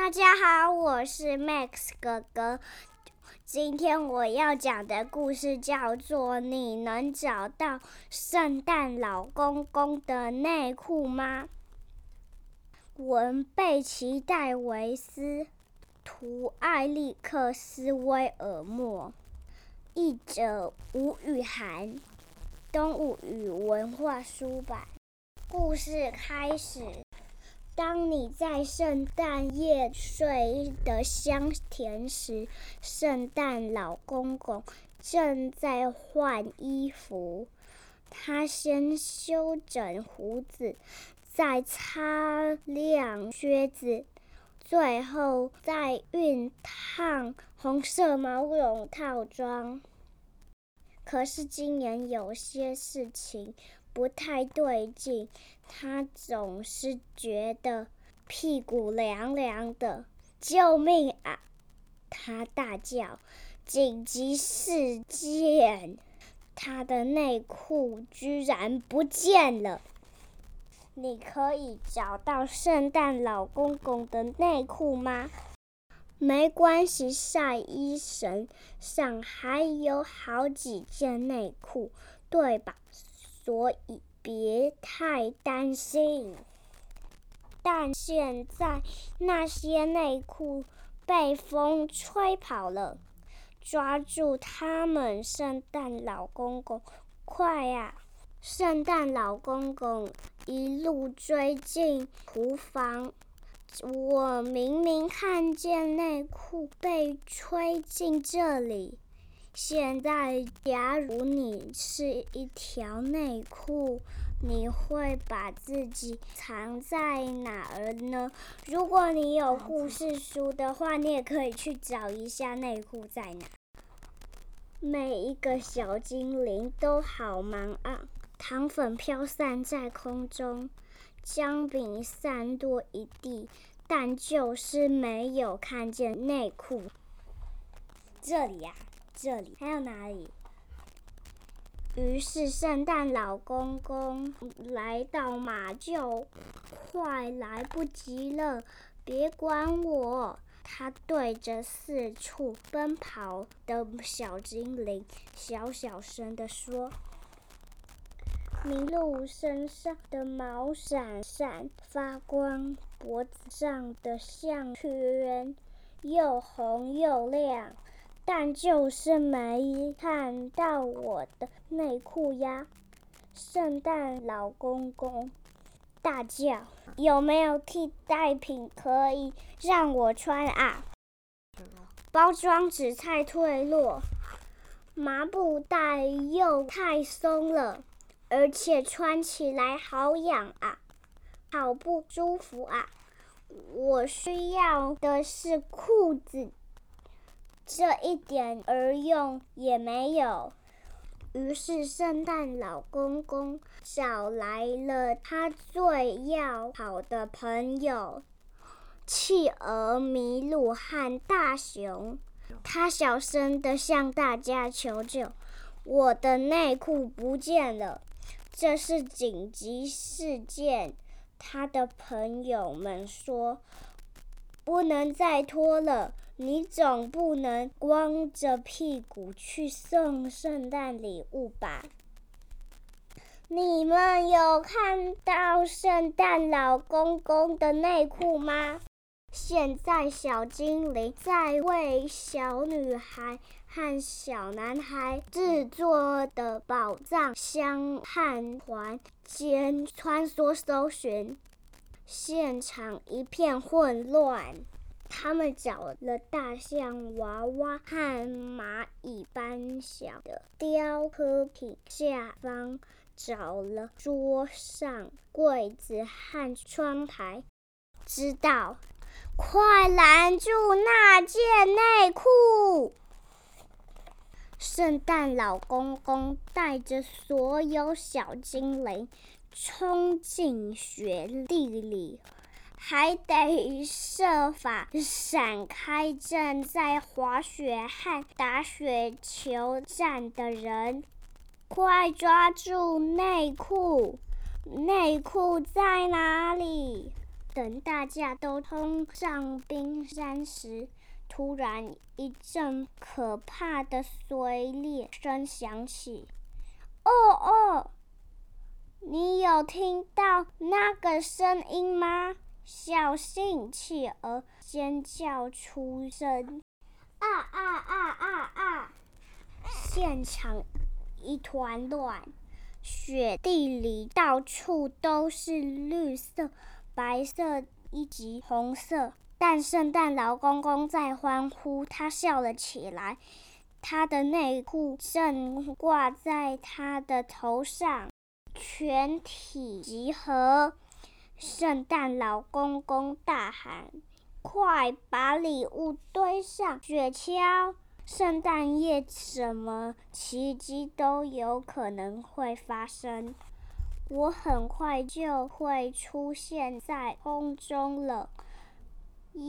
大家好，我是 Max 哥哥。今天我要講的故事叫做《你能找到聖誕老公公的內褲嗎》。文：貝琪·戴維斯，圖：艾力克斯·威爾莫，譯者無語：吳羽涵，動物語文化書版。故事開始。當你在聖誕夜睡得香甜時，聖誕老公公正在換衣服。他先修整鬍子，再擦亮靴、靴子，最後再熨燙紅色毛絨套裝。可是今年有些事情不太對勁，他總是覺得屁股涼涼的，救命啊！他大叫：“緊急事件！”他的內褲居然不見了！你可以找到聖誕老公公的內褲嗎？沒關係，曬衣繩上還有好幾件內褲，對吧？所以別太擔心。但現在那些內褲被風吹跑了，抓住他們！聖誕老公公，快呀！聖誕老公公一路追進廚房，我明明看見內褲被吹進這裡。現在，假如你是一條內褲，你會把自己藏在哪兒呢？如果你有故事書的話，你也可以去找一下內褲在哪兒。每一個小精靈都好忙啊，糖粉飄散在空中，薑餅散落一地，但就是沒有看見內褲。這裡呀、啊。這裡還有哪裡？於是聖誕老公公來到馬廄，快來不及了，別管我！他對着四處奔跑的小精靈小小聲地說：“麋鹿身上的毛閃閃發光，脖子上的項圈又紅又亮。”但就是沒看到我的內褲呀！聖誕老公公大叫：“有沒有替代品可以讓我穿啊？”包裝紙太脆弱，麻布袋又太鬆了，而且穿起來好癢啊，好不舒服啊！我需要的是褲子。這一點兒用也沒有。於是，聖誕老公公找來了他最要好的朋友——企鵝、麋鹿和大熊。他小聲地向大家求救：“我的內褲不見了，這是緊急事件。”他的朋友們說：“不能再拖了。”你總不能光着屁股去送聖誕禮物吧？你們有看到聖誕老公公的內褲嗎？現在，小精靈在為小女孩和小男孩製作的寶藏箱和環間穿梭搜尋，現場一片混亂。他們找了大象娃娃和螞蟻般小的雕刻品下方，找了桌上、櫃子和窗台。知道，快攔住那件內褲！聖誕老公公帶着所有小精靈，衝進雪地裡。還得設法閃開正在滑雪和打雪球仗的人，快抓住內褲！內褲在哪裡？等大家都登上冰山時，突然一陣可怕的碎裂聲響起。哦哦，你有聽到那個聲音嗎？小企鵝尖叫出聲，啊啊啊啊啊、啊！現場一團亂，雪地裡到處都是綠色、白色以及紅色。但聖誕老公公在歡呼，他笑了起來，他的內褲正掛在他的頭上。全體集合。聖誕老公公大喊：“快把禮物堆上雪橇！聖誕夜什麼奇蹟都有可能會發生，我很快就會出現在空中了。”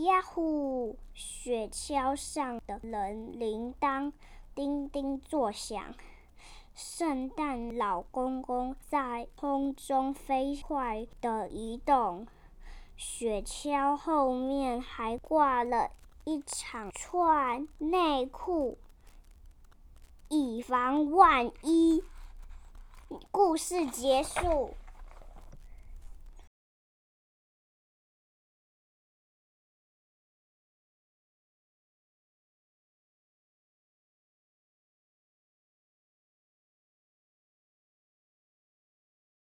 呀呼！雪橇上的人鈴鐺叮叮作響。聖誕老公公在空中飛快地移動，雪橇後面還掛了一長串內褲，以防萬一。故事結束。